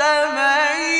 مستمعين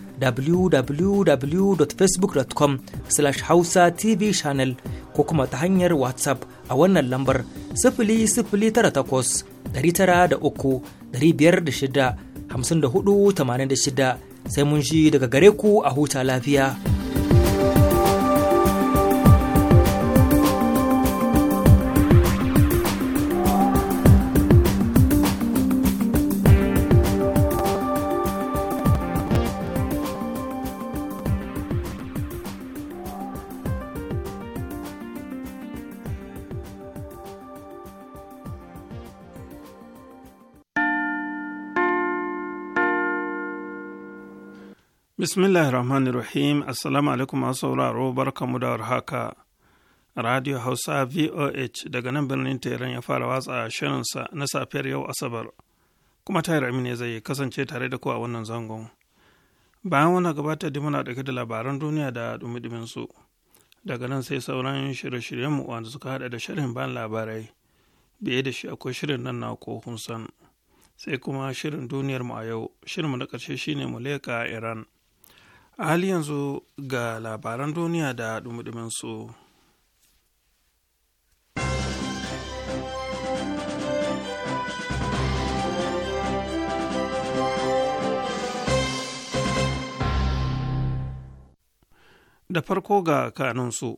www.facebook.com slash hausa tv channel ko kuma ta hanyar whatsapp a wannan lambar 00983 506 shida sai mun shi daga gare ku a huta lafiya. Bismillahirrahmanirrahim. Assalamu alaikum masu sauraro barkamu da haka Radio Hausa VOH daga nan birnin Teran ya fara watsa shirinsa na safiyar yau Asabar. Kuma Tahir Aminu zai kasance tare da kowa wannan zangon. Bayan wannan gabata da muna ɗauke da labaran duniya da dumi su. Daga nan sai sauran shirye-shiryenmu wanda suka haɗa da shirin ban labarai. Biye da shi akwai shirin nan na ko san. Sai kuma shirin duniyarmu a yau. shirin mu na ƙarshe shine mu leƙa Iran. a hali yanzu ga labaran duniya da dumudumin su da farko ga kanunsu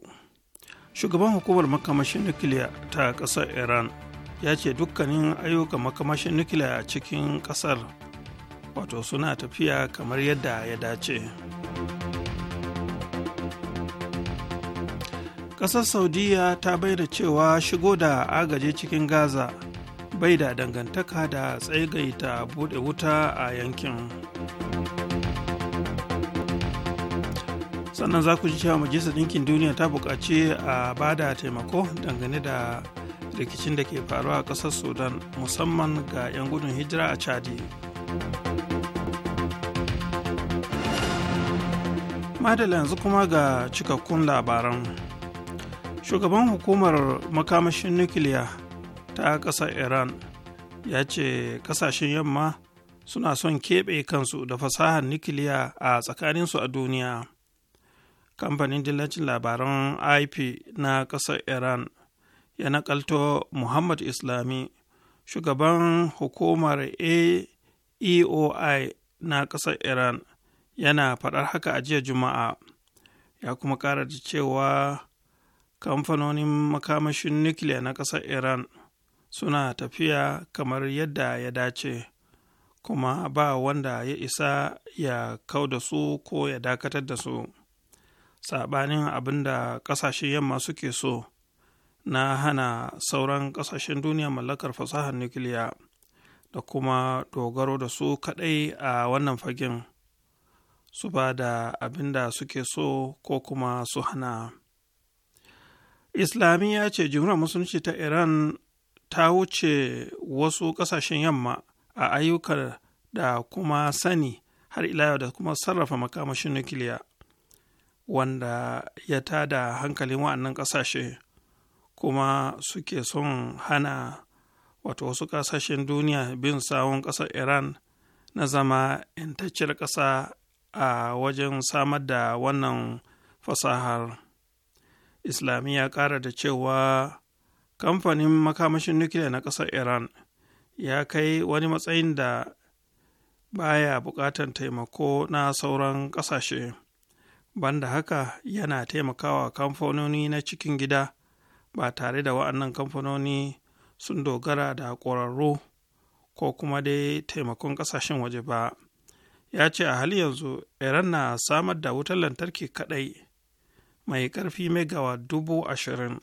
shugaban hukumar makamashin nukiliya ta ƙasar iran ya ce dukkanin ayyukan makamashin nukiliya a cikin ƙasar wato suna tafiya kamar yadda ya dace. ƙasar saudiya ta bai da cewa shigo da agaje cikin gaza bai da dangantaka da tsaigaita buɗe wuta a yankin sannan za ku ji cewa majalisar Dinkin duniya ta buƙaci a bada taimako dangane da rikicin da ke faruwa a ƙasar sudan musamman ga 'yan gudun hijira a chadi madala yanzu kuma ga cikakkun labaran shugaban hukumar makamashin nukiliya ta ƙasar iran ya ce ƙasashen yamma suna son keɓe kansu da fasahar nukiliya a tsakaninsu a duniya kamfanin dillacin labaran ip na ƙasar iran ya naƙalto muhammad islami shugaban hukumar aeoi na ƙasar iran yana faɗar haka a jiya juma'a ya kuma ƙara da cewa kamfanonin makamashin nukiliya na ƙasar iran suna tafiya kamar yadda ya dace kuma ba wanda ya isa ya kau da su ko ya dakatar da su saɓanin abin da ƙasashen yamma suke so na hana sauran ƙasashen duniya mallakar fasahar nukiliya da kuma dogaro da su kaɗai a wannan fagen su ba da abin da suke so ko kuma su hana. islamiyya ce jimhuriyar musulunci ta iran ta wuce wasu kasashen yamma a ayyukan da kuma sani har ila da kuma sarrafa makamashin nukiliya wanda ya tada hankalin wa'annan kasashe kuma suke son hana wato wasu kasashen duniya bin sawon ƙasar iran na zama intacciyar ƙasa a wajen samar da wannan fasahar islamiyya ya ƙara da cewa kamfanin makamashin nukiliya na ƙasar iran ya kai wani matsayin da baya buƙatar taimako na sauran ƙasashe banda haka yana taimakawa kamfanoni na cikin gida ba tare da wa'annan kamfanoni sun dogara da ƙwararru ko kuma dai taimakon ƙasashen waje ba ya ce a hali yanzu iran na samar da wutar lantarki kaɗai mai ƙarfi megawa dubu ashirin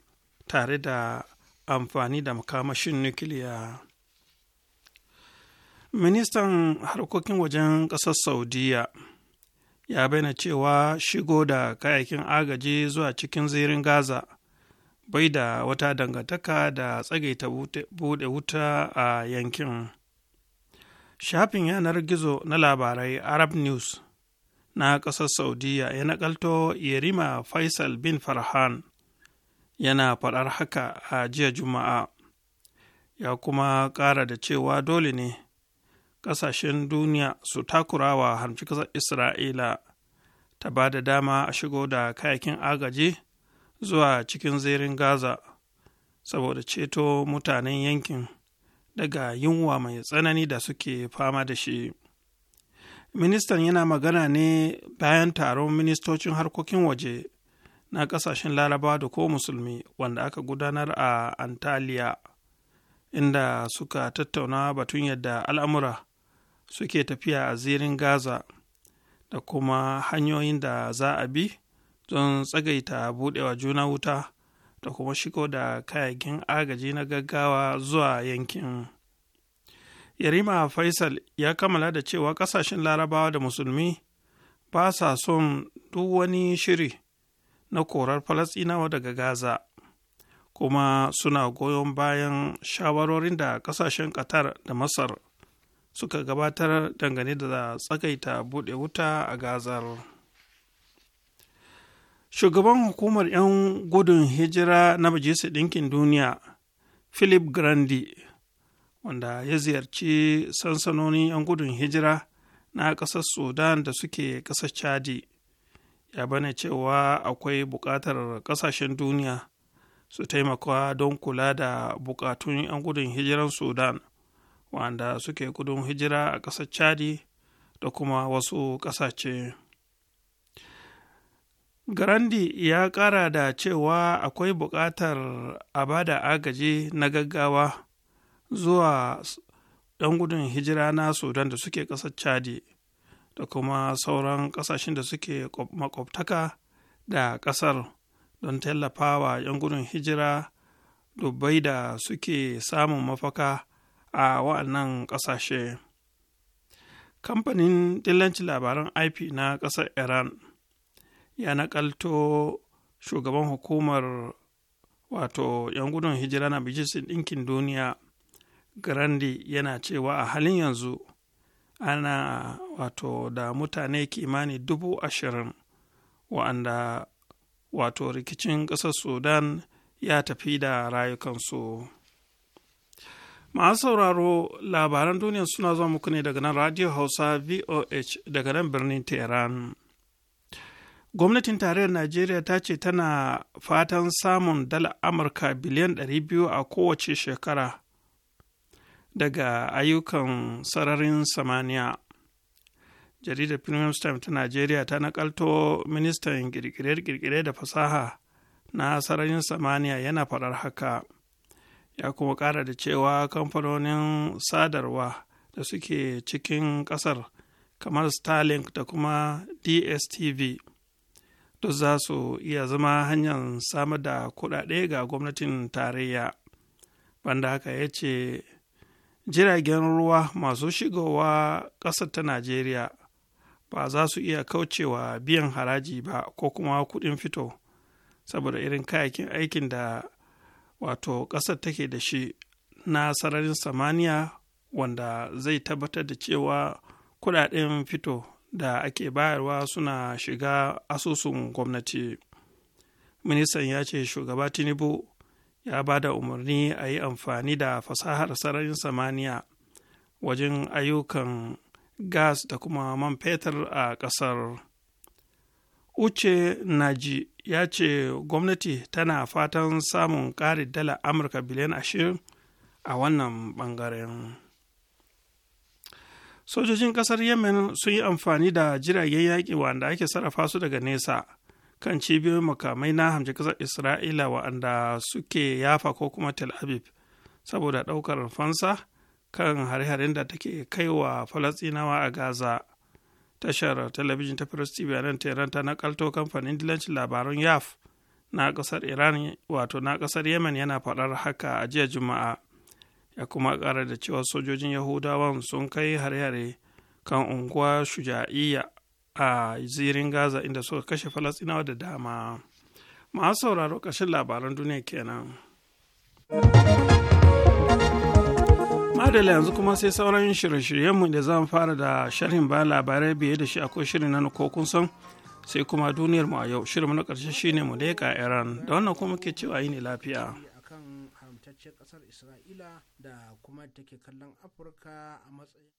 tare da amfani da makamashin nukiliya. Ministan harkokin wajen ƙasar Saudiya ya bayyana cewa shigo da kayakin agaji zuwa cikin zirin Gaza bai da wata dangantaka da tsagaita bude wuta a yankin. Shafin yanar gizo na labarai Arab News na ƙasar saudiya ya naƙalto yerima faisal bin farhan yana faɗar haka a jiya juma'a ya kuma ƙara da cewa dole ne ƙasashen duniya su takura wa harci ƙasar isra'ila ta ba da dama a shigo da kayakin agaji zuwa cikin zirin gaza saboda ceto mutanen yankin daga yunwa mai tsanani da suke fama da shi ministan yana magana ne bayan taron ministocin harkokin waje na kasashen larabawa da ko musulmi wanda aka gudanar a antalya inda suka tattauna batun yadda al'amura suke tafiya a zirin gaza da kuma hanyoyin da za a bi don tsagaita budewa juna wuta da kuma shigo da kayayyakin agaji na gaggawa zuwa yankin Yarima Faisal ya kammala da cewa ƙasashen larabawa da musulmi ba sa son duk wani shiri na korar falastinawa daga Gaza, kuma suna goyon bayan shawarorin da ƙasashen Qatar da Masar suka gabatar dangane da tsakaita buɗe wuta a Gazar. Shugaban hukumar 'yan gudun hijira na Majalisar Ɗinkin Duniya, Philip Grandi, wanda ya ziyarci sansanoni 'yan gudun hijira na ƙasar sudan da suke ƙasar chadi ya bane cewa akwai buƙatar ƙasashen duniya su taimakawa don kula da buƙatun 'yan gudun hijiran sudan wanda suke gudun hijira a ƙasar chadi da kuma wasu ƙasashe garandi ya ƙara da cewa akwai buƙatar a bada agaji na gaggawa zuwa ɗan gudun hijira na sudan da suke ƙasar chadi da kuma sauran ƙasashen da suke makwabtaka da ƙasar don tallafawa 'yan gudun hijira dubbai da suke samun mafaka a wa'annan ƙasashe kamfanin dillancin labaran ip na ƙasar iran ya naƙalto shugaban hukumar wato 'yan gudun hijira na bijisin ɗinkin duniya grandi yana cewa a halin yanzu ana wato da mutane kimani dubu ashirin wa'anda wato rikicin ƙasar sudan ya tafi da rayukansu masu sauraro labaran duniya suna zuwa muku ne daga nan radio hausa voh daga nan birnin tehran gwamnatin tarayyar najeriya ta ce tana fatan samun dala amurka biliyan 200 a kowace shekara daga ayyukan sararin samaniya jaridar premium time ta najeriya ta nakalto ministan kirkire-kirkire da fasaha na sararin samaniya yana farar haka ya kuma ƙara da cewa kamfanonin sadarwa da suke cikin ƙasar kamar starlink da kuma dstv duk za su iya zama hanyar samar da kuɗaɗe ga gwamnatin tarayya banda haka ya ce jiragen ruwa masu shigowa ƙasar ta najeriya ba za su iya kaucewa biyan haraji ba ko kuma kuɗin fito saboda irin kayakin aikin da wato ƙasar take da shi na sararin samaniya wanda zai tabbatar da cewa kuɗaɗen fito da ake bayarwa suna shiga asusun gwamnati ministan ya ce shugaba tinubu ya ba da umarni a yi amfani da fasahar sararin samaniya wajen ayyukan gas da kuma man fetur a ƙasar uche naji ya ce gwamnati tana fatan samun ƙarin dala amurka biliyan ashirin a wannan ɓangaren sojojin ƙasar yemen sun yi amfani da jiragen yaƙi wanda ake sarrafa su daga nesa kan cibiyoyin makamai na hamji ƙasar isra'ila wa'anda suke yafa ko kuma tel aviv saboda ɗaukar fansa kan hare-haren da take kai wa falastinawa a gaza tashar talabijin ta firas tv a nan teran ta kalto kamfanin dilancin labaran yaf na ƙasar iran wato na ƙasar yemen yana faɗar haka a jiya juma'a ya kuma ƙara da cewa sojojin yahudawan sun kai hare-hare kan unguwa shuja'iyya a zirin gaza inda suka kashe falasinawa da dama masu sauraro ƙarshen labaran duniya kenan madala yanzu kuma sai sauran shirye-shiryenmu da zan fara da sharhin ba labarai biye da shi akwai shirin na ko kun san sai kuma duniyar mu a yau shirin na ƙarshe shine mu leƙa iran da wannan kuma ke cewa yi ne lafiya haramtacciyar ƙasar isra'ila da kuma take kallon afirka a matsayin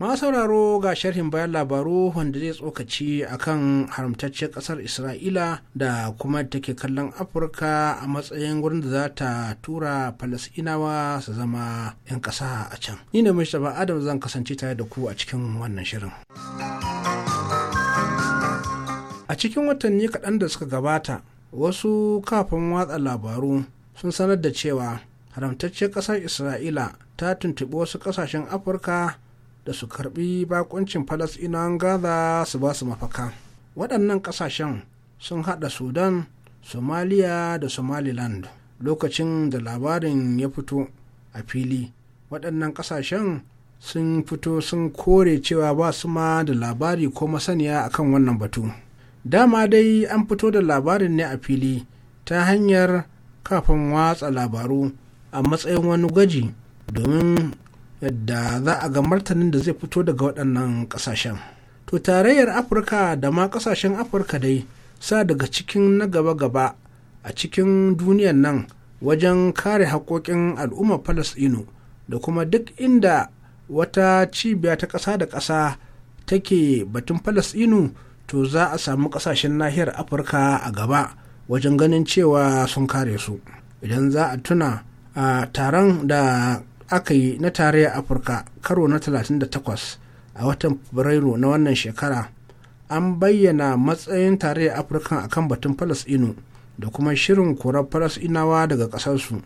ma sauraro ga sharhin bayan labaru wanda zai tsokaci kan haramtacciyar kasar isra'ila da kuma take kallon afirka a matsayin wurin da za ta tura falasinawa su zama 'yan ƙasa a can ni ne mai adam zan kasance tare da ku a cikin wannan shirin a cikin watanni kaɗan da suka gabata wasu kafin watsa labaru sun sanar da cewa haramtaccen ƙasar isra'ila ta tuntuɓi wasu ƙasashen afirka da su karɓi bakuncin falasɗinawan gaza su ba su mafaka waɗannan ƙasashen sun haɗa sudan Somalia, da somaliland lokacin da labarin ya fito a fili waɗannan ƙasashen sun fito sun kore cewa ba su ma da labari ko masaniya akan wannan batu. dama dai an fito da labarin ne a fili ta hanyar kafin watsa labaru a matsayin wani gwaji domin yadda za a ga martanin da zai fito daga waɗannan ƙasashen to tarayyar afirka da ma ƙasashen afirka dai sa daga cikin na gaba-gaba a cikin duniyar nan wajen kare haƙoƙin al'ummar falasɗinu da kuma duk inda wata cibiya ta ƙasa da ƙasa take batun falasɗinu to za a samu kasashen nahiyar afirka a gaba wajen ganin cewa sun kare su idan za a tuna a taron da aka yi na tarayyar afirka karo na 38 a watan fabrairu na wannan shekara an bayyana matsayin tarayyar afirka a kan batun falasɗinu da kuma shirin korar falasɗinawa daga ƙasarsu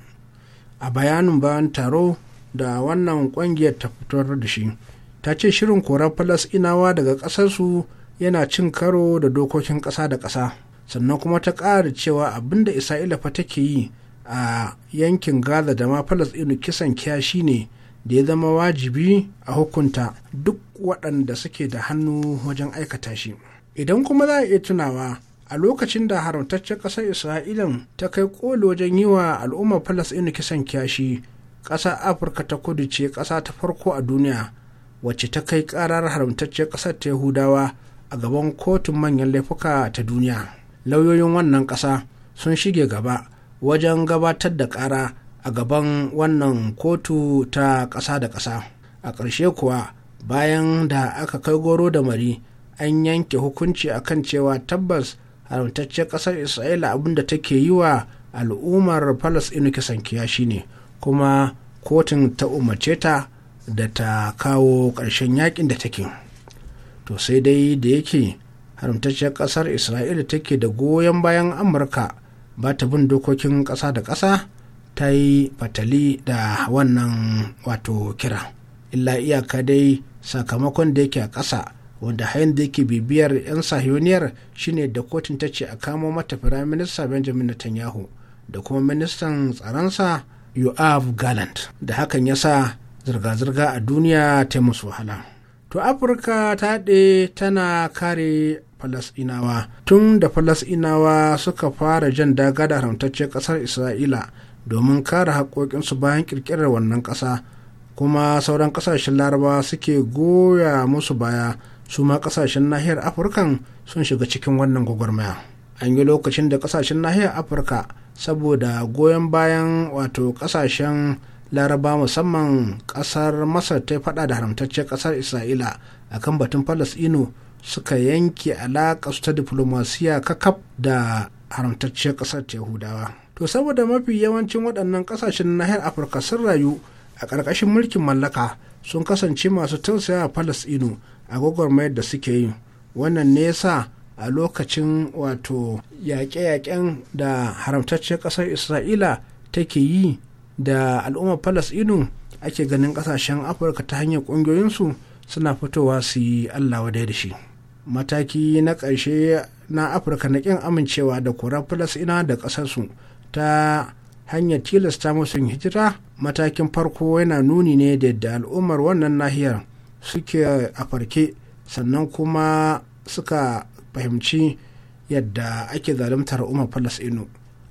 a bayanin bayan taro da wannan ƙungiyar ta fitar da shi ta ce shirin korar falasɗinawa daga ƙasarsu yana cin karo da dokokin ƙasa da ƙasa sannan kuma ta ƙara cewa abin da isra'ila fa take yi a yankin gaza da ma falasɗinu kisan kiyashi ne da ya zama wajibi a hukunta duk waɗanda suke da hannu wajen aikata shi idan kuma za a iya tunawa a lokacin da haramtaccen ƙasar isra'ila ta kai ƙoli wajen yi wa al'ummar falasɗinu kisan kiyashi ƙasa afirka ta kudu ce ƙasa ta farko a duniya wacce ta kai ƙarar haramtaccen ƙasar ta yahudawa a gaban kotun manyan laifuka ta duniya lauyoyin wannan ƙasa sun shige gaba wajen gabatar da ƙara a gaban wannan kotu ta ƙasa da ƙasa a ƙarshe kuwa bayan da aka kai goro da mari an yanke hukunci a kan cewa tabbas haramtacce ƙasar isra'ila abinda take yi wa al'ummar inu kisan kiyashi ne kuma kotun ta umarce ta da ta kawo ƙarshen yakin da take. to sai dai da yake haramtacciyar ƙasar isra'ila take da goyon bayan amurka ba ta bin dokokin ƙasa da ƙasa ta yi fatali da wannan wato kira illa iyaka dai sakamakon da yake a ƙasa wanda hayan da yake bibiyar 'yan sahiyoniyar shine da kotun ta ce a kamo mata firaminista benjamin netanyahu da kuma ministan tsaronsa yoav gallant da hakan ya sa zirga-zirga a duniya ta musu wahala. to afirka ta haɗe tana kare falasɗinawa tun da falasɗinawa suka fara jan daga da haramtaccen ƙasar isra'ila domin kare haƙoƙinsu bayan ƙirƙirar wannan ƙasa kuma sauran ƙasashen laraba suke goya musu baya su ma ƙasashen nahiyar Afirka sun shiga cikin wannan gwagwarmaya an yi lokacin da ƙasashen nahiyar afirka saboda goyon bayan wato ƙasashen laraba musamman kasar masar ta faɗa da haramtacciyar kasar isra'ila akan batun falasino suka yanke alaƙa su ta diflomasiya kakaf da haramtacciyar kasar yahudawa to saboda mafi yawancin waɗannan ƙasashen nahiyar afirka sun rayu a ƙarƙashin mulkin mallaka sun kasance masu tausaya falasino a mayar da suke yi wannan ne yasa a lokacin wato yaƙe-yaƙen da haramtacciyar ƙasar isra'ila take yi da al'ummar falasɗinu ake ganin ƙasashen afirka ta hanyar ƙungiyoyinsu suna fitowa su yi allah wadai da shi mataki na ƙarshe na afirka na ƙin amincewa da korar ina da ƙasarsu ta hanyar tilasta musu hijira matakin farko yana nuni ne da yadda al'ummar wannan nahiyar suke a farke sannan kuma suka fahimci yadda ake zaluntar umar falasɗinu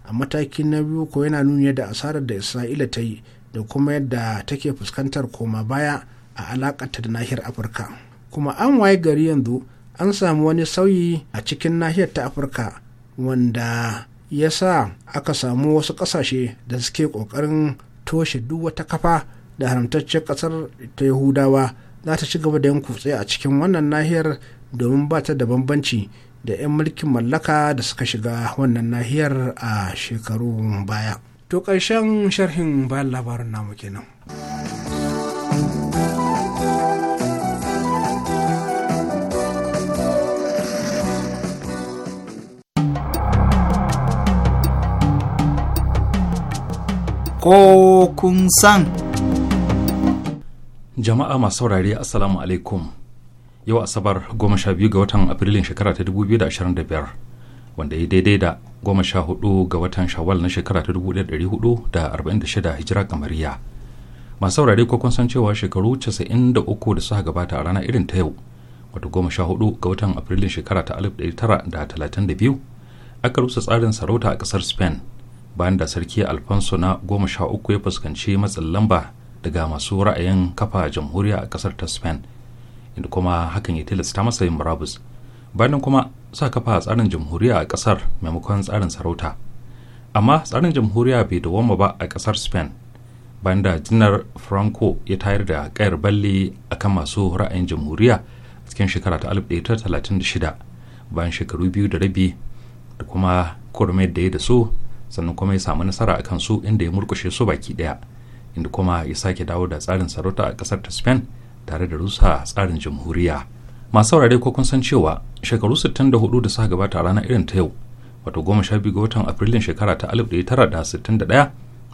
a mataki na biyu ko yana nuni da asarar da isra'ila ta yi da kuma yadda take fuskantar koma baya a alakata da nahiyar afirka kuma an waye gari yanzu an samu wani sauyi a cikin nahiyar ta afirka wanda ya sa aka samu wasu kasashe da suke kokarin toshe duk wata kafa da haramtaccen kasar ta yahudawa za ta ci gaba da yin kutse a cikin wannan nahiyar domin ba ta da bambanci da 'yan mulkin mallaka da suka shiga wannan nahiyar a shekaru baya to ƙarshen sharhin bayan labarin namu kenan. ko kun san. Jama'a masu saurare Assalamu alaikum. yau asabar goma sha biyu ga watan afrilun shekara ta 2025 wanda ya daidai da goma sha hudu ga watan shawal na shekara ta shida hijira kamariya masu saurare ko kun san cewa shekaru 93 da suka gabata a rana irin ta yau wato hudu ga watan afrilun shekara ta biyu aka rusa tsarin sarauta a ƙasar spain bayan da sarki alfonso na goma sha uku ya fuskanci matsin lamba daga masu ra'ayin kafa jamhuriya a ƙasar ta spain inda kuma hakan ya tilasta masa yin murabus bayan kuma sa kafa tsarin jamhuriya a kasar maimakon tsarin sarauta amma tsarin jamhuriya bai dawoma ba a kasar spain bayan da janar franco ya tayar da kayar balli akan masu ra'ayin jamhuriya a cikin shekara ta 1936 bayan shekaru biyu da rabi da kuma kurme da ya da su sannan kuma ya samu nasara a kansu inda ya murkushe su baki daya inda kuma ya sake dawo da tsarin sarauta a kasar ta spain tare da rusa tsarin jamhuriya masu saurare ko kun san cewa shekaru 64 da suka gabata a ranar irin ta yau wato goma sha biyu ga watan afrilun shekara ta 1961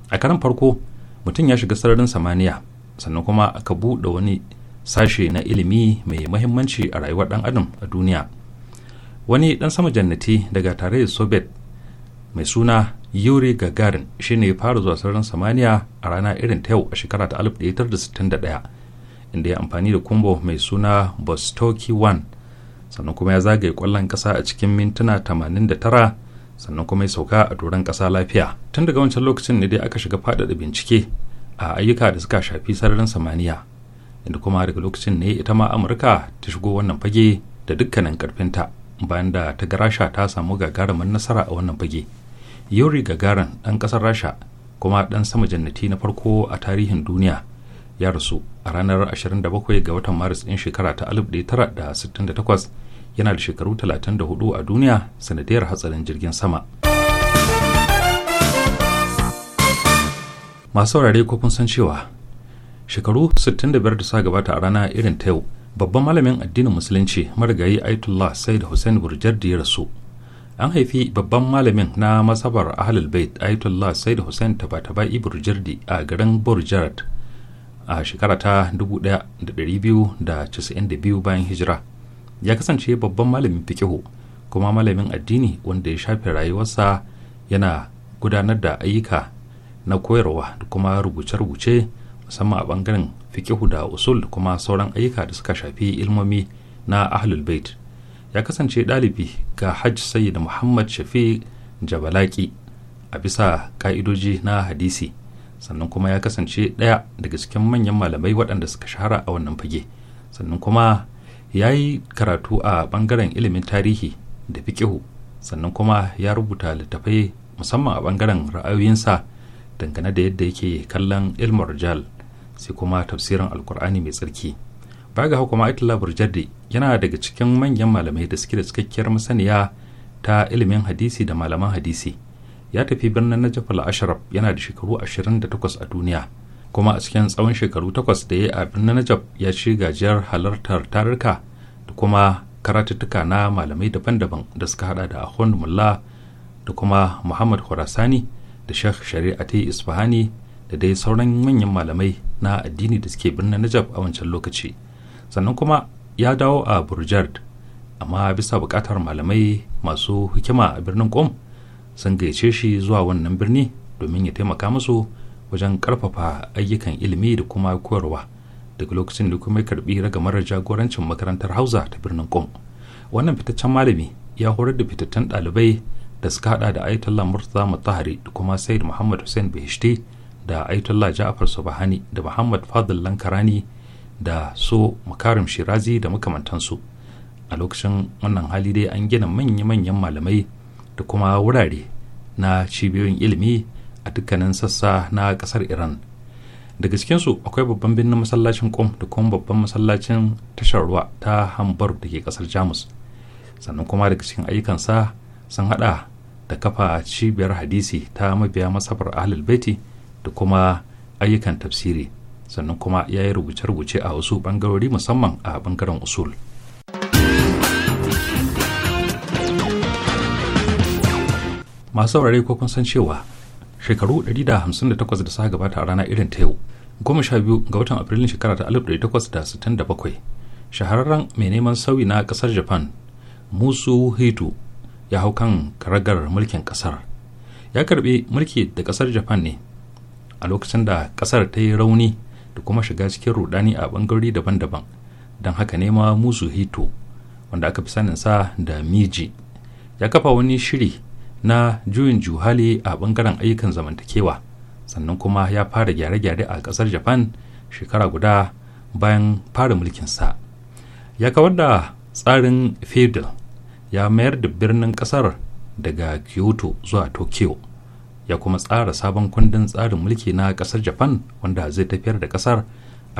a karan farko mutum ya shiga sararin samaniya sannan kuma aka buɗe wani sashe na ilimi mai mahimmanci a rayuwar ɗan adam a duniya wani ɗan sama jannati daga tarayyar soviet mai suna yuri gagarin shine ya fara zuwa sararin samaniya a rana irin ta yau a shekara ta 1961 inda ya amfani da kumbo mai suna bostoki 1 sannan kuma ya zagaye kwallon ƙasa a cikin mintuna 89 sannan kuma ya sauka a doron kasa lafiya tun daga wancan lokacin ne dai aka shiga faɗaɗa bincike a ayyuka da suka shafi sararin samaniya inda kuma daga lokacin ne ita ma amurka ta shigo wannan fage da dukkanin karfinta bayan da ta ga rasha ta samu gagarumin nasara a wannan fage yuri gagarin ɗan ƙasar rasha kuma ɗan sama jannati na farko a tarihin duniya ya rasu a ranar 27 ga watan maris ɗin shekara ta 1968 yana da shekaru 34 a duniya sanadiyar hatsarin jirgin sama masu saurare ko kun san cewa shekaru 65 da suka gabata a rana irin ta yau babban malamin addinin musulunci marigayi aitullah said hussein burjardi ya rasu an haifi babban malamin na masabar ahlul bait ayatollah said hussein tabatabai burjardi a garin burjard a shekara ta 1292 bayan hijira ya kasance babban malamin fikihu kuma malamin addini wanda ya shafe rayuwarsa yana gudanar da ayyuka na koyarwa da kuma rubuce-rubuce musamman a bangaren fikihu da usul kuma sauran ayyuka da suka shafi ilmomi na ahlul bait ya kasance ɗalibi ga hajj sayyid muhammad shafi jabalaki a bisa ka'idoji na hadisi sannan kuma ya kasance ɗaya daga cikin manyan malamai waɗanda suka shahara a wannan fage sannan kuma ya yi karatu a ɓangaren ilimin tarihi da fiƙihu sannan kuma ya rubuta littattafai musamman a ɓangaren ra'ayoyinsa dangane da yadda yake kallon ilmar jal sai kuma tafsirin alkur'ani mai tsarki baga ga kuma aitullah burjadi yana daga cikin manyan malamai da suke da cikakkiyar masaniya ta ilimin hadisi da malaman hadisi ya tafi birnin najaf al-ashraf yana da shekaru 28 a duniya kuma a cikin tsawon shekaru takwas da ya a birnin najaf ya ci gajiyar halartar tarurka da kuma karatuttuka na malamai daban-daban da suka hada da ahmad mullah da kuma muhammad khurasani da sheikh shari'ati isfahani da dai sauran manyan malamai na addini da suke birnin najaf a wancan lokaci sannan kuma ya dawo a burjard amma bisa bukatar malamai masu hikima a birnin qom sun gaice shi zuwa wannan birni domin ya taimaka musu wajen karfafa ayyukan ilimi da kuma koyarwa daga lokacin da kuma ya karbi ragamar jagorancin makarantar hausa ta birnin kom wannan fitaccen malami ya horar da fitattun ɗalibai da suka hada da ayatollah murtaza mutahari da kuma sayyid muhammad hussein bahishti da ayatollah ja'afar subahani da muhammad fadil lankarani da so makarim shirazi da makamantansu a lokacin wannan hali dai an gina manya-manyan malamai da kuma wurare na cibiyoyin ilimi a dukkanin sassa na kasar iran daga cikinsu akwai babban birnin masallacin kom da kuma babban masallacin tashar ruwa ta hamburg da ke kasar jamus sannan kuma daga cikin ayyukansa sun hada da kafa cibiyar hadisi ta mabiya masabar ahlul baiti da kuma ayyukan tafsiri sannan kuma ya yi rubuce-rubuce a wasu bangarori musamman a bangaren usul. masu saurare ko kun san cewa shekaru 158 da suka gabata a rana irin ta yau goma sha biyu ga watan afrilun shekara ta 1867 shahararren mai neman sauyi na kasar japan musu hito ya hau kan karagar mulkin kasar ya karbi mulki da kasar japan ne a lokacin da kasar ta yi rauni da kuma shiga cikin rudani a bangarori daban-daban don haka nema musu hito wanda aka fi saninsa da miji ya kafa wani shiri na juyin juhali a bangaren ayyukan zamantakewa sannan kuma ya fara gyare-gyare a kasar japan shekara guda bayan fara mulkinsa ya kawar da tsarin feudal ya mayar da birnin kasar daga kyoto zuwa tokyo ya kuma tsara sabon kundin tsarin mulki na kasar japan wanda zai tafiyar da kasar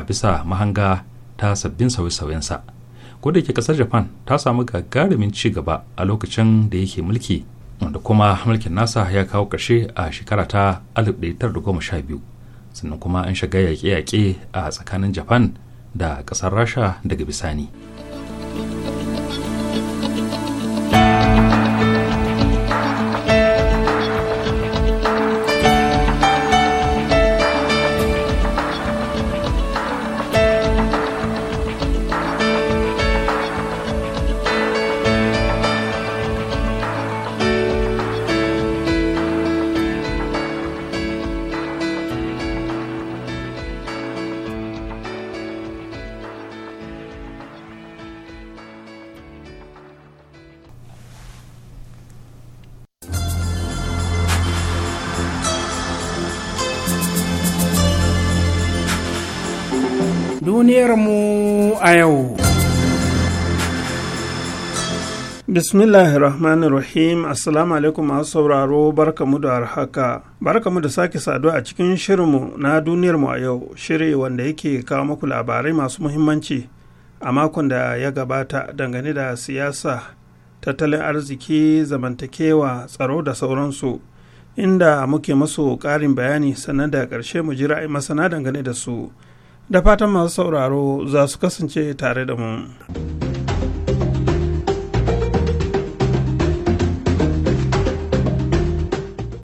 a bisa mahanga ta sabbin sauye-sauyensa kodayake kasar japan ta samu gagarumin ci gaba a lokacin da yake mulki wanda kuma mulkin nasa ya kawo ƙarshe a shekara ta 1912 sannan kuma an shiga yaƙe-yaƙe a tsakanin japan da ƙasar rasha daga bisani. yau bismillahir rahmanir rahim assalamu alaikum masu sauraro barkamu da haka barkamu da sake saduwa a cikin shirinmu na duniyarmu a yau shiri wanda yake kawo muku labarai masu muhimmanci a makon da ya gabata dangane da siyasa tattalin arziki zamantakewa tsaro da sauransu inda muke masu ƙarin bayani sannan da ƙarshe mu ji ra'ayi masana dangane da su da fatan masu sauraro za su kasance tare da mu.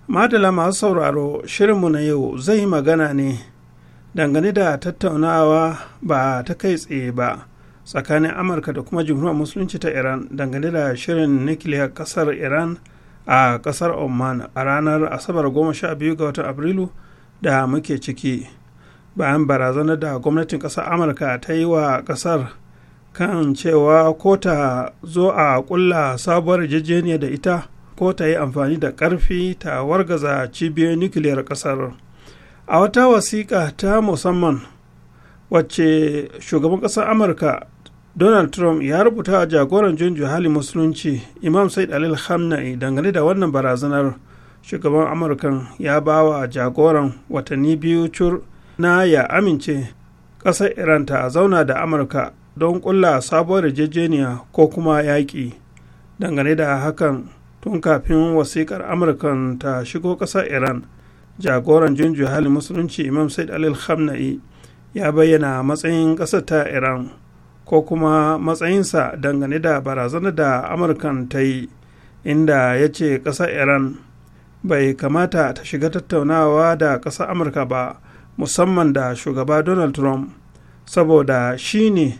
Madala masu sauraro shirinmu na yau zai yi magana ne dangane da tattaunawa ba ta kai tsaye ba tsakanin Amurka da kuma jumhuriyar musulunci ta Iran dangane da shirin nukiliyar kasar Iran a kasar Oman a ranar Asabar 12 ga watan Afrilu da muke ciki. bayan barazanar da gwamnatin ƙasar amurka ta yi wa ƙasar kan cewa ko ta zo a kulla sabuwar jejeniya da ita ko ta yi amfani da ƙarfi ta wargaza cibiyar nukiliyar ƙasar a wata wasiƙa ta musamman wacce shugaban ƙasar amurka donald trump ya rubuta a jagoran junju hali musulunci imam said alil hamna'i dangane da wannan barazanar shugaban amurkan ya bawa jagoran watanni biyu cur na ya amince ƙasar iran ta zauna da amurka don ƙulla sabuwar yarjejeniya ko kuma yaƙi dangane da hakan tun kafin wasiƙar amurkan ta shigo ƙasar iran jagoran junju hali musulunci imam said alil khamna'i ya bayyana matsayin ƙasar ta iran ko kuma matsayinsa dangane da barazanar da amurkan ta yi inda ya ce ƙasar iran bai kamata ta shiga tattaunawa da ƙasar amurka ba musamman da shugaba donald trump saboda shi ne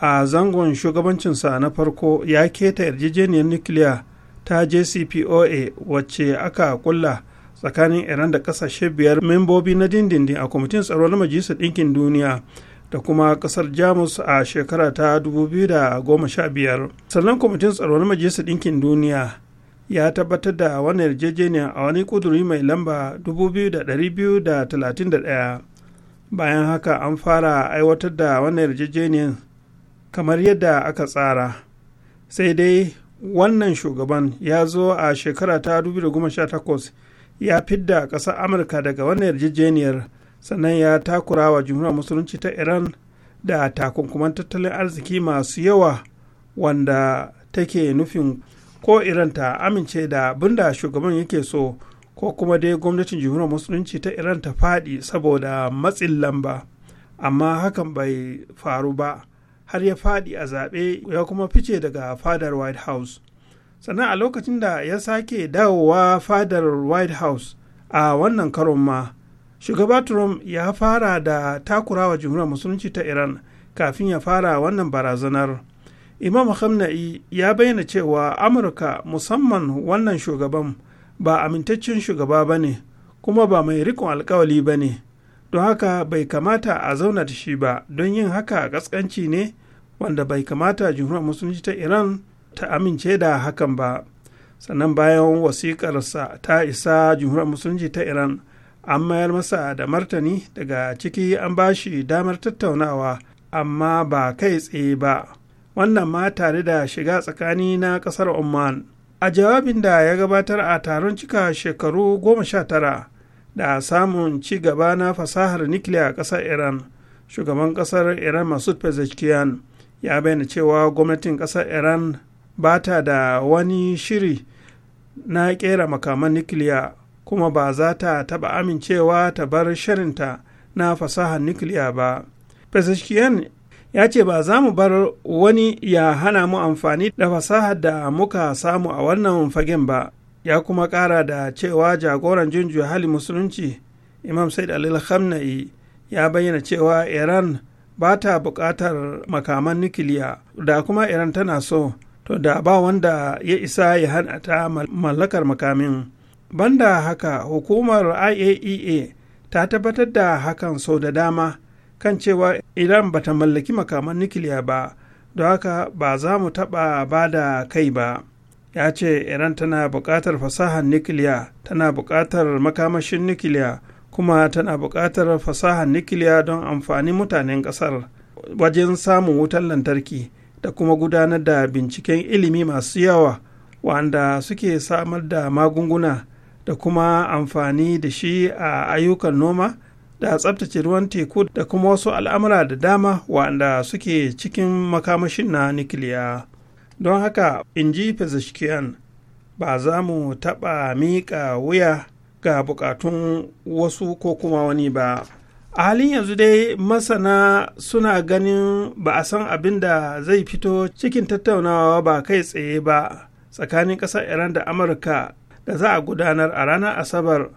a zangon shugabancinsa na farko ya keta yarjejeniyar nukiliya ta jcpoa wacce aka kulla tsakanin iran da kasashe biyar membobi na dindindin a kwamitin tsaro na majalisar ɗinkin duniya da kuma kasar jamus a shekara ta 2015 sannan kwamitin tsaro na majalisar ɗinkin duniya ya tabbatar da wani yarjejeniya a wani kuduri mai lamba 2231 bayan haka an fara aiwatar da wani yarjejeniyar kamar yadda aka tsara sai dai wannan shugaban ya zo a shekara ta 2018 ya fidda ƙasar amurka daga wannan yarjejeniyar sannan ya takura wa jumhuriyar musulunci ta iran da takunkuman tattalin arziki masu yawa wanda take nufin ko iran ta amince da abinda shugaban yake so ko kuma dai gwamnatin jihunan musulunci ta iran ta faɗi saboda matsin lamba amma hakan bai faru ba har ya fadi a zaɓe ya kuma fice daga fadar white house sannan a lokacin da ya sake dawowa fadar white house a wannan karon ma shugaba trump ya fara da takurawa jihunan musulunci ta iran kafin ya fara wannan barazanar imam hamna'i ya bayyana cewa amurka musamman wannan shugaban ba amintaccen shugaba ba ne kuma ba mai rikon alkawali ba ne don haka bai kamata a zauna da shi ba don yin haka gaskanci ne wanda bai kamata jumhuriyar musulunci ta iran ta amince da hakan ba sannan bayan wasikarsa ta isa jumhuriyar musulunci ta iran an mayar masa da martani daga ciki an ba shi damar tattaunawa amma ba kai tsaye ba wannan ma tare da shiga tsakani na ƙasar oman a jawabin da ya gabatar a taron cika shekaru goma sha tara da samun ci gaba na fasahar nukiliya a ƙasar iran shugaban ƙasar iran masu pezeshkian ya bayyana cewa gwamnatin ƙasar iran ba ta da wani shiri na kera makaman nukiliya kuma ba za ta taba amincewa ta bar shirinta na fasahar nukiliya ba pezeshkian ya ce ba za mu bar wani ya hana mu amfani da fasahar da muka samu a wannan fagen ba ya kuma kara da cewa jagoran junjuya hali musulunci imam said alil khamna'i ya bayyana cewa iran ba ta buƙatar makaman nukiliya da kuma iran tana so to da ba wanda ya isa ya hana ta mallakar makamin banda haka hukumar iaea e ta tabbatar da hakan sau da dama kan cewa iran ba ta mallaki makaman nukiliya ba don haka ba za mu taɓa ba da kai ba ya ce iran tana buƙatar fasahar nukiliya tana buƙatar makamashin nukiliya kuma tana buƙatar fasahar nukiliya don amfani mutanen ƙasar wajen samun wutar lantarki da kuma gudanar da binciken ilimi masu yawa wanda suke samar da magunguna da kuma amfani da shi a ayyukan noma da tsabtace ruwan teku da kuma wasu al'amura da dama waɗanda suke cikin makamashin na nikiliya don haka in ji pezeshkian ba za mu taɓa miƙa wuya ga buƙatun wasu ko kuma wani ba a halin yanzu dai masana suna ganin ba a san abin da zai fito cikin tattaunawa ba kai tsaye ba tsakanin ƙasar iran da amurka da za a gudanar a ranar asabar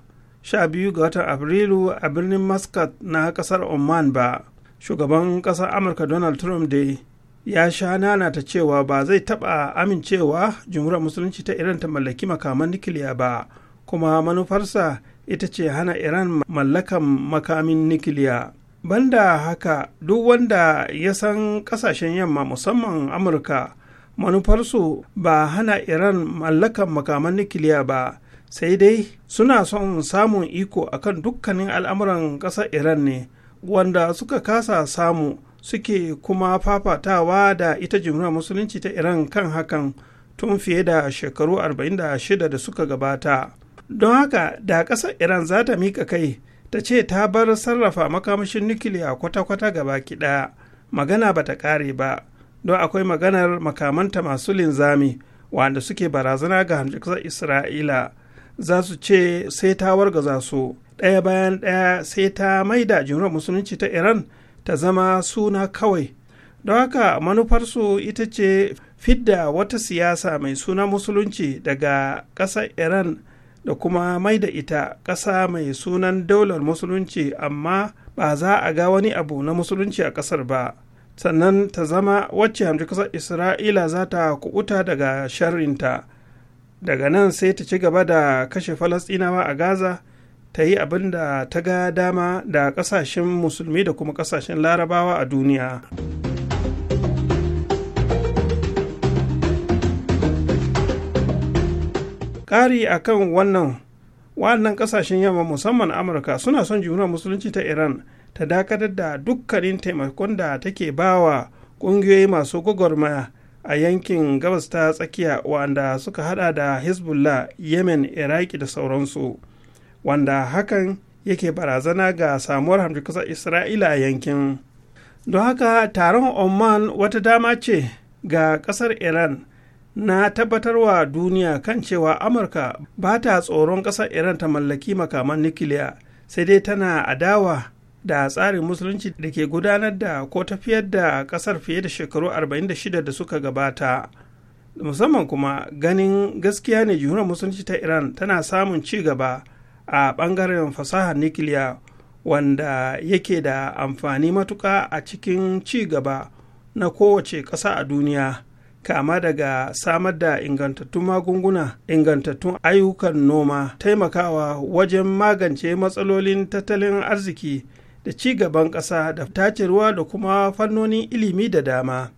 12 ga watan afrilu a birnin muscat na kasar oman ba shugaban kasar amurka donald trump dai ya sha nana ta cewa ba zai taɓa amincewa jumhuriyar musulunci ta iran ta mallaki makaman nikiliya ba kuma manufarsa ita ce hana iran mallakan makamin nikiliya banda haka duk wanda ya san kasashen yamma musamman amurka manufarsu ba hana iran mallakan makaman nikiliya ba sai dai suna son samun iko akan dukkanin al'amuran ƙasar iran ne wanda suka kasa samu suke kuma fafatawa da ita jimhuriyar musulunci ta iran kan hakan tun fiye da shekaru 46 da suka gabata don haka da ƙasar iran za ta miƙa kai ta ce ta bar sarrafa makamashin nukiliya kwata-kwata ga gaba kiɗa magana ba ta ƙare ba don akwai maganar makamanta masu linzami wanda suke barazana ga hamjikar isra'ila za su ce sai ta wargaza su ɗaya bayan ɗaya sai ta maida jumhuriyar musulunci ta iran ta zama suna kawai don haka manufarsu ita ce fidda wata siyasa mai suna musulunci daga ƙasar iran da kuma maida ita ƙasa mai sunan daular musulunci amma ba za a ga wani abu na musulunci a ƙasar ba sannan ta zama wacce hamdu ƙasar isra'ila za ta kuɓuta daga sharrinta daga nan sai ta ci gaba da kashe falasɗinawa a gaza ta yi abin da ta ga dama da kasashen musulmi da kuma kasashen larabawa a duniya ƙari a kan wannan wannan ƙasashen yamma musamman amurka suna son juna musulunci ta iran ta dakatar da dukkanin taimakon da take bawa ƙungiyoyi masu gwagwarmaya a yankin gabas ta tsakiya wanda suka hada da hezbollah yemen iraki da sauransu wanda hakan yake barazana ga samuwar ƙasar isra'ila a yankin don haka taron oman wata dama ce ga kasar iran na tabbatarwa duniya kan cewa amurka ba ta tsoron kasar iran ta mallaki makaman nukiliya sai dai tana adawa da tsarin musulunci da ke gudanar da ko tafiyar da kasar fiye da shekaru 46 da suka gabata musamman kuma ganin gaskiya ne jihunar musulunci ta iran tana samun ci gaba a bangaren fasahar nikiliya wanda yake da amfani matuka a cikin ci gaba na kowace ƙasa a duniya kama daga samar da ingantattun magunguna ingantattun ayyukan noma taimakawa wajen magance matsalolin tattalin arziki da ci gaban ƙasa da ruwa da kuma fannonin ilimi da dama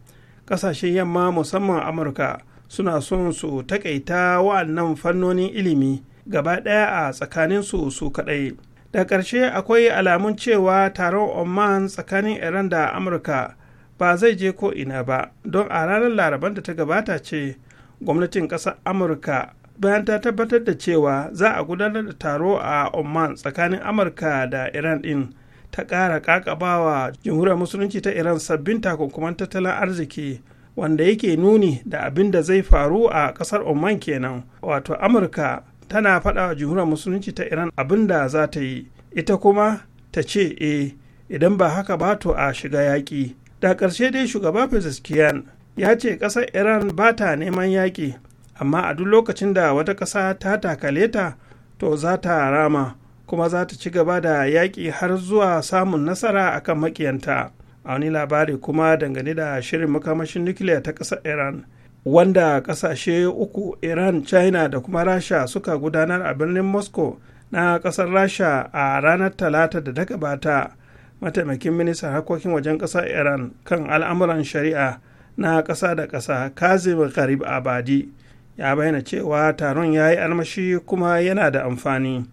ƙasashen yamma musamman amurka suna son su taƙaita wa'annan fannonin ilimi gaba ɗaya a tsakaninsu su kaɗai da ƙarshe akwai alamun cewa taron oman tsakanin iran da amurka ba zai je ko ina ba don a ranar laraban da ta gabata ce gwamnatin ƙasar amurka bayan ta tabbatar da cewa za a gudanar da taro a oman tsakanin amurka da iran ɗin ta ƙara ƙaƙabawa jamhuriyar musulunci ta iran sabbin takunkuman tattalin arziki wanda yake nuni da abin da zai faru a ƙasar oman kenan wato amurka tana faɗa wa jamhuriyar musulunci ta iran abin da za ta yi ita kuma ta ce e idan ba haka ba to a shiga yaƙi da ƙarshe dai shugaba fesiskiyan ya ce ƙasar iran ba ta neman yaƙi amma a duk lokacin da wata ƙasa ta takale ta to za ta rama kuma za ta ci gaba da yaƙi har zuwa samun nasara akan makiyanta a wani labari kuma dangane da shirin makamashin nukiliya ta ƙasar iran wanda ƙasashe uku iran china da kuma rasha suka gudanar a birnin moscow na ƙasar rasha a ranar talata da daga bata mataimakin ministan harkokin wajen ƙasar iran kan al'amuran shari'a na ƙasa da ƙasa kazim karib abadi ya bayyana cewa taron ya yi armashi kuma yana da amfani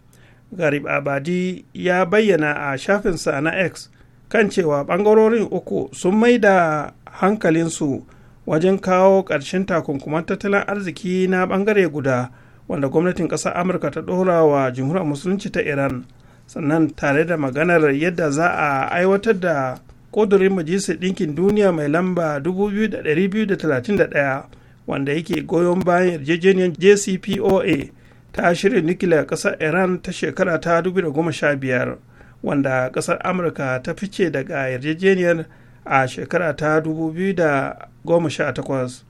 garib abadi ya bayyana a shafinsa na x kan cewa ɓangarorin uku sun mai da hankalinsu wajen kawo ƙarshen takunkuman tattalin arziki na bangare guda wanda gwamnatin ƙasar amurka ta ɗora wa jamhuriyar musulunci ta iran sannan tare da maganar yadda za a aiwatar da ƙudurin majalisar ɗinkin duniya mai lamba 2231 wanda yake goyon bayan yarjejeniyar jcpoa ta shirin nukiliyar ƙasar iran ta shekara ta 2015 wanda ƙasar amurka ta fice daga yarjejeniyar a shekara ta 2018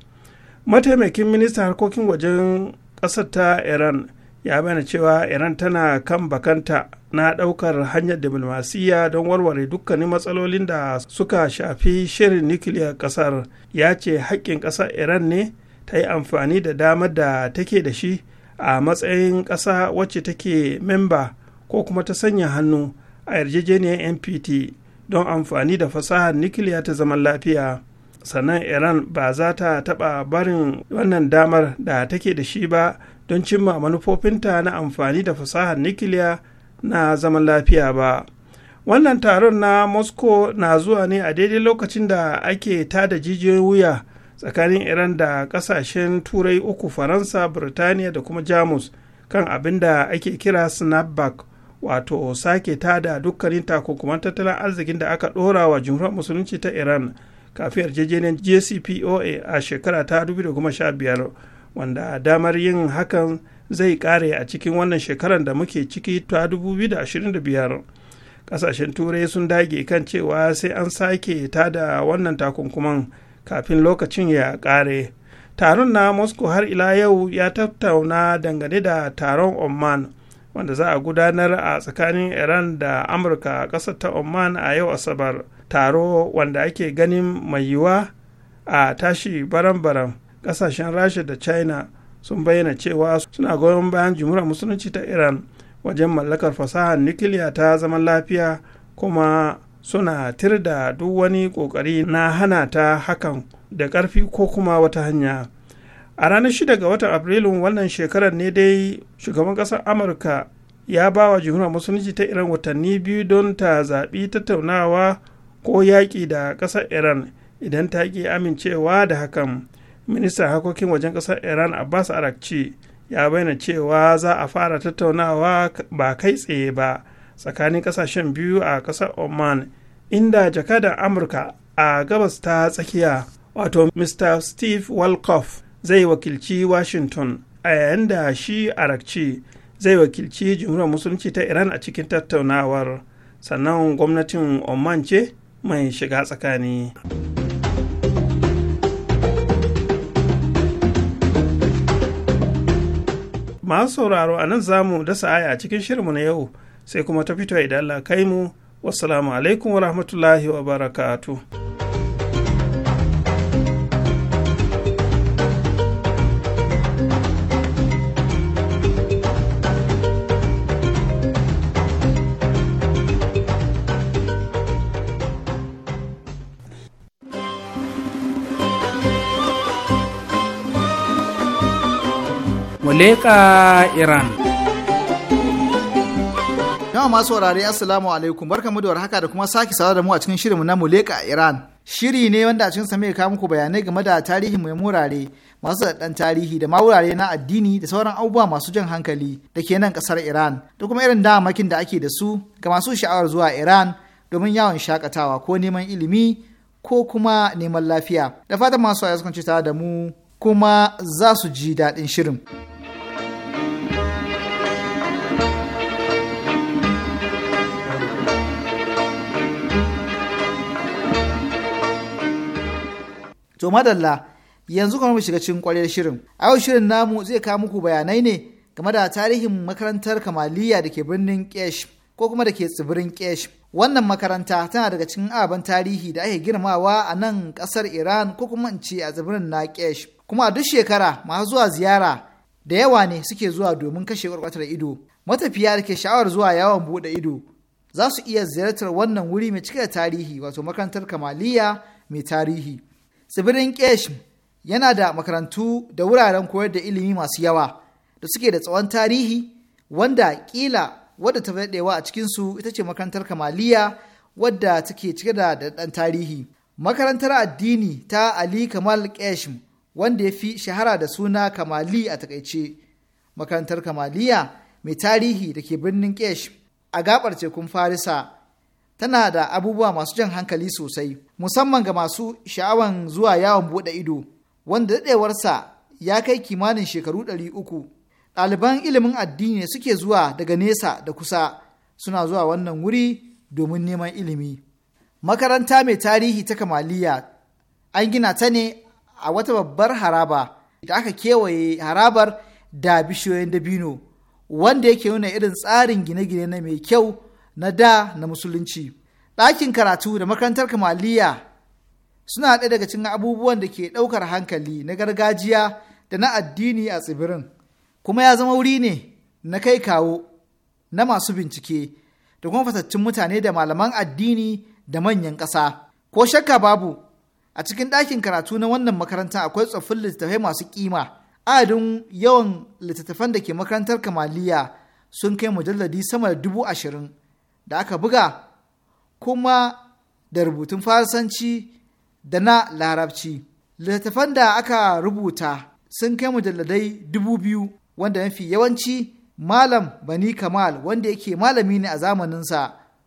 mataimakin ministan harkokin wajen ƙasar ta iran ya bayyana cewa iran tana kan bakanta na ɗaukar hanyar diplomasiyya don warware dukkanin matsalolin da suka shafi shirin nukiliyar ƙasar ya ce haƙƙin ƙasar iran ne ta yi amfani da damar da take da shi a matsayin ƙasa wacce take memba ko kuma ta sanya hannu a yarjejeniyar npt don amfani da fasahar nukiliya ta zaman lafiya sannan iran ba za ta taɓa barin wannan damar da take da shi ba don cimma manufofinta na amfani da fasahar nukiliya na zaman lafiya ba wannan taron na moscow na zuwa ne a daidai lokacin da ake tada jijiyoyin wuya tsakanin iran da kasashen turai uku faransa birtaniya da kuma jamus kan abin da ake kira snapback wato sake ta da dukkanin takunkuman tattalin arzikin da aka dora wa jumhuriyar musulunci ta iran kafin yarjejeniyar jcpoa a shekara ta 2015 wanda damar yin hakan zai kare a cikin wannan shekarar da muke ciki ta 2025 kasashen turai sun dage kan cewa sai an sake ta da wannan takunkuman kafin lokacin ya ƙare taron na moscow har ila yau ya tattauna dangane da taron oman wanda za a gudanar a tsakanin iran da amurka a ƙasar ta oman a yau asabar taro wanda ake ganin mai yiwuwa a tashi baram-baram ƙasashen rasha da china sun bayyana cewa suna goyon bayan jimura musulunci ta iran wajen mallakar fasahar nukiliya ta zaman lafiya kuma suna tir da duk wani kokari na hana ta hakan da ƙarfi ko kuma wata hanya a ranar 6 ga watan afrilun wannan shekarar ne dai shugaban ƙasar amurka ya ba wa jihunar musulunci ta iran watanni biyu don ta zaɓi tattaunawa ko yaƙi da ƙasar iran idan ta ƙi amincewa da hakan ministan harkokin wajen ƙasar iran abbas arakci ya bayyana cewa za a fara tattaunawa ba kai tsaye ba tsakanin kasashen biyu a kasar oman inda jakadar amurka a gabas ta tsakiya wato mr steve walcoff zai wakilci washington a yayin da shi arakci zai wakilci jimhuriyar musulunci ta iran a cikin tattaunawar sannan gwamnatin oman ce mai shiga tsakani. masu sauraro a nan zamu dasa aya cikin shirinmu na yau sai kuma ta fito idan Allah kai mu wassalamu alaikum wa rahmatullahi wa Mu leƙa Iran Yawa masu wurare Assalamu alaikum barkamu da haka da kuma sake sawa da mu a cikin shirinmu na Muleka a Iran. Shiri ne wanda a cikin sa mai kawo muku bayanai game da tarihin mai murare masu daɗan tarihi da ma wurare na addini da sauran abubuwa masu jan hankali da ke nan ƙasar Iran da kuma irin damakin da ake da su ga masu sha'awar zuwa Iran domin yawon shakatawa ko neman ilimi ko kuma neman lafiya. Da fatan masu wurare su tare da mu kuma za su ji daɗin shirin. to madalla yanzu kuma mu shiga cikin kwarar shirin a yau shirin namu zai kawo muku bayanai ne game da tarihin makarantar kamaliya da ke birnin kesh ko kuma da ke tsibirin kesh wannan makaranta tana daga cikin ababen tarihi da ake girmawa a nan kasar iran ko kuma in ce a tsibirin na kesh kuma a duk shekara masu zuwa ziyara da yawa ne suke zuwa domin kashe kwarkwatar ido matafiya da ke sha'awar zuwa yawon buɗe ido za su iya ziyartar wannan wuri mai cike da tarihi wato makarantar kamaliya mai tarihi tsibirin kesh yana da makarantu da wuraren koyar da ilimi masu yawa da suke da tsawon tarihi wanda kila wadda ta daɗewa a cikinsu ita ce makarantar kamaliya wadda take cike da daɗan tarihi makarantar addini ta ali kamal kesh wanda ya fi shahara da suna kamali a takaice makarantar kamaliya mai tarihi da ke birnin kesh a gabar tekun farisa tana da abubuwa masu jan hankali sosai musamman ga masu sha'awan zuwa yawon buɗe ido wanda daɗewarsa ya kai kimanin shekaru ɗari uku ɗaliban ilimin addini suke zuwa daga nesa da kusa suna zuwa wannan wuri domin neman ilimi makaranta mai tarihi ta kamaliya an gina ta ne a wata babbar haraba da aka kewaye harabar da bishiyoyin dabino wanda yake nuna irin tsarin gine-gine na mai kyau na da na musulunci ɗakin karatu da makarantar kamaliya suna ɗaya daga cikin abubuwan da ke ɗaukar hankali na gargajiya da na addini a tsibirin kuma ya zama wuri ne na kai kawo na masu bincike da kuma fatattun mutane da malaman addini da manyan ƙasa ko shakka babu a cikin ɗakin karatu na wannan makaranta akwai tsoffin littattafai masu kima adadin yawan littattafan da ke makarantar kamaliya sun kai mujalladi sama da dubu ashirin da aka buga kuma da rubutun Faransanci da na Larabci. Littattafan da aka rubuta sun kai mujalladai dubu biyu wanda mafi yawanci Malam Bani Kamal wanda yake malami ne a zamaninsa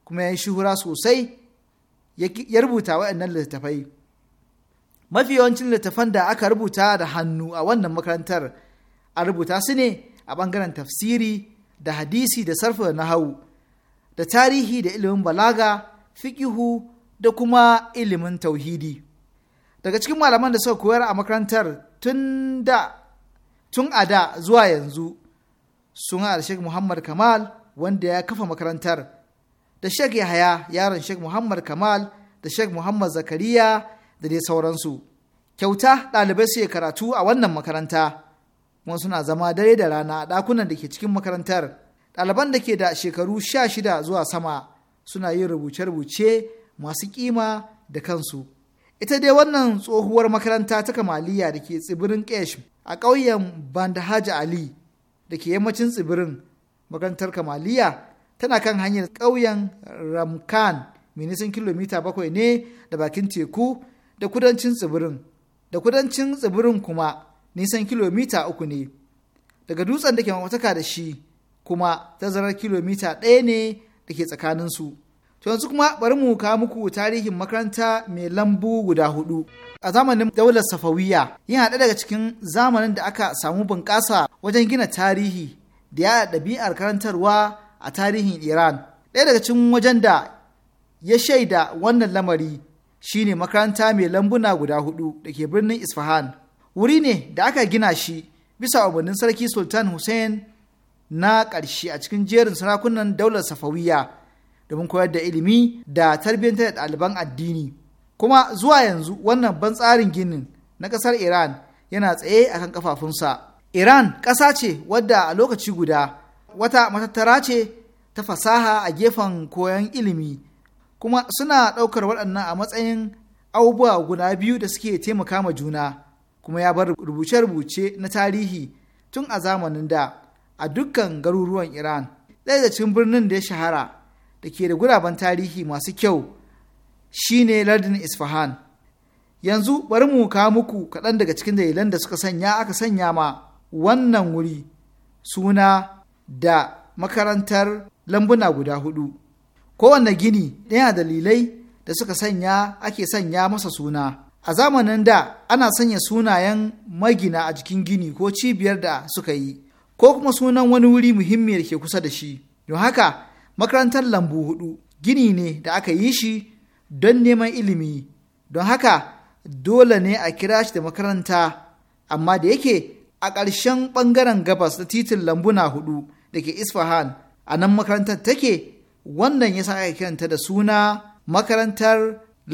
kuma ya shuhura sosai ya rubuta waɗannan littattafai. Mafi yawancin littattafan da aka rubuta da hannu a wannan makarantar a rubuta su ne a ɓangaren tafsiri da hadisi da sarfa na hau. da tarihi da ilimin balaga fikihu da kuma ilimin tauhidi daga cikin malaman da suka koyar a makarantar tun a da zuwa yanzu Suna da Sheikh Muhammad Kamal wanda ya kafa makarantar da Sheikh Yahaya yaron Sheikh Muhammad Kamal da Sheikh Muhammad Zakariya da dai sauransu kyauta ɗalibai su karatu a wannan makaranta kuma suna zama dare da rana ɗakunan da ke cikin makarantar ɗaliban da ke da shekaru sha shida zuwa sama suna yin rubuce-rubuce masu kima da kansu ita dai wannan tsohuwar makaranta ta kamaliya da ke tsibirin kesh a ƙauyen bandahaji ali da ke yammacin tsibirin makarantar kamaliya tana kan hanyar ƙauyen ramkan mai nisan kilomita bakwai ne da bakin teku da kudancin tsibirin da kudancin tsibirin kuma nisan kilomita uku ne daga dutsen da ke mamataka da shi kuma tazarar kilomita ɗaya ne da ke tsakaninsu. To yanzu kuma bari mu kawo muku tarihin makaranta mai lambu guda hudu. A zamanin daular safawiya Yin haɗe daga cikin zamanin da aka samu bunƙasa wajen gina tarihi da ya ɗabi'ar karantarwa a tarihin Iran. Ɗaya daga cikin wajen da ya shaida wannan lamari shine makaranta mai lambuna guda hudu da ke birnin Isfahan. Wuri ne da aka gina shi bisa umarnin sarki Sultan Hussein na ƙarshe a cikin jerin sarakunan daular safawiya domin koyar da ilimi da tarbiyyantar da ɗaliban addini kuma zuwa yanzu wannan ban tsarin ginin na ƙasar iran yana tsaye a kan ƙafafunsa. iran ƙasa ce wadda a lokaci guda wata matattara ce ta fasaha a gefen koyon ilimi kuma suna ɗaukar waɗannan a matsayin abubuwa guda biyu da suke taimaka ma juna kuma ya bar rubuce-rubuce na tarihi tun a zamanin da a dukkan garuruwan Iran. Ɗaya da cikin birnin da ya shahara da ke da guraben tarihi masu kyau shine lardin Isfahan. Yanzu bari mu kawo muku kaɗan daga cikin dalilan da suka sanya aka sanya ma wannan wuri suna da makarantar lambuna guda hudu. Kowanne gini ɗaya dalilai da suka sanya ake sanya masa suna. A zamanin da ana sanya sunayen magina a jikin gini ko cibiyar da suka yi. ko kuma sunan wani wuri muhimmiyar ke kusa da shi don haka makarantar lambu hudu gini ne da aka yi shi don neman ilimi don haka dole ne a kira shi da makaranta amma da yake a ƙarshen ɓangaren gabas na titin lambuna hudu da ke isfahan a nan makarantar take wannan ya sa aka kiranta da suna makarantar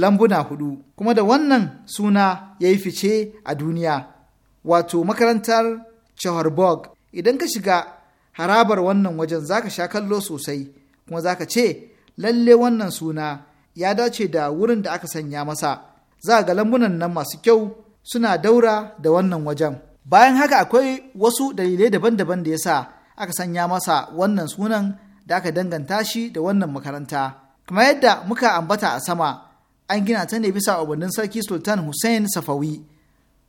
lambuna hudu kuma da wannan suna ya yi fice a duniya wato makarantar Choharborg idan ka shiga harabar wannan wajen zaka sha kallo sosai kuma zaka ce lalle wannan suna ya dace da wurin da aka sanya masa za ga lambunan nan masu kyau suna daura da wannan wajen bayan haka akwai wasu dalilai daban-daban da yasa aka sanya masa wannan sunan da aka danganta shi da wannan makaranta kamar yadda muka ambata a sama an gina ta ne bisa abunin sarki sultan hussein safawi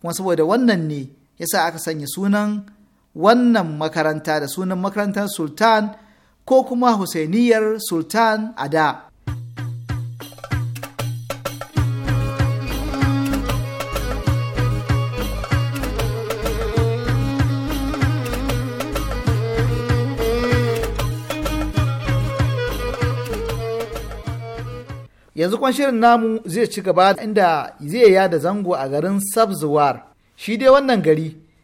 kuma saboda wannan ne yasa aka sanya sunan wannan makaranta da sunan makarantar sultan ko kuma husainiyar sultan a da. yanzu kwan shirin namu zai ci gaba inda zai yada zango a garin sabzuwar shi dai wannan gari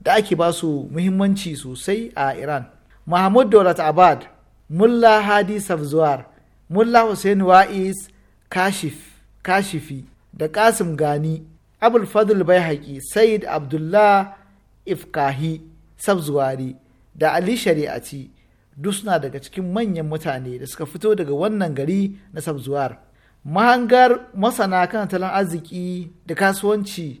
da ake ba su muhimmanci sosai a iran mahmud dorat abad mulla hadi safzuwar mulla hussein wa'is kashif kashifi da kasim gani abul fadl bai said abdullah ifkahi sabzuwari da ali shari'aci duk suna daga cikin manyan mutane da suka fito daga wannan gari na sabzuwar mahangar masana kan tattalin arziki da kasuwanci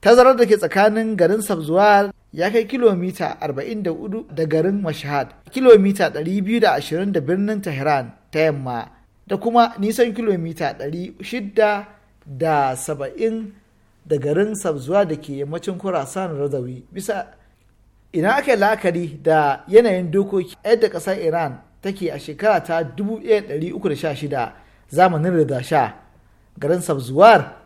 tazarar da ke tsakanin garin sabzuwar ya kai kilomita 44 da garin mashahad kilomita 220 da birnin tehran ta yamma da kuma nisan kilomita 600 da 70 da garin sabzuwa da ke yammacin kurasan radawi bisa ina aka la'akari da yanayin dokoki yadda ƙasar iran take a shekara ta 1316 zamanin rida sha garin sabzuwar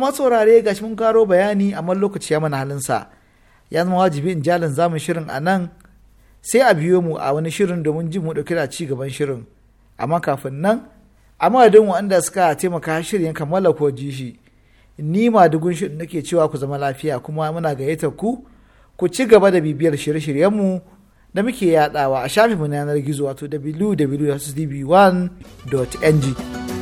ma saurare ga mun karo bayani amma lokaci ya mana halinsa ya zama wajibi in jalin zamun shirin a nan sai a biyo mu a wani shirin domin jin mu ɗauki da ci gaban shirin amma kafin nan a madadin waɗanda suka taimaka shirin kammala ko ji shi ni ma dugun shirin nake cewa ku zama lafiya kuma muna gayyatar ku ku ci gaba da bibiyar shirye shiryen mu da muke yadawa a shafinmu na yanar gizo wato www.cdb1.ng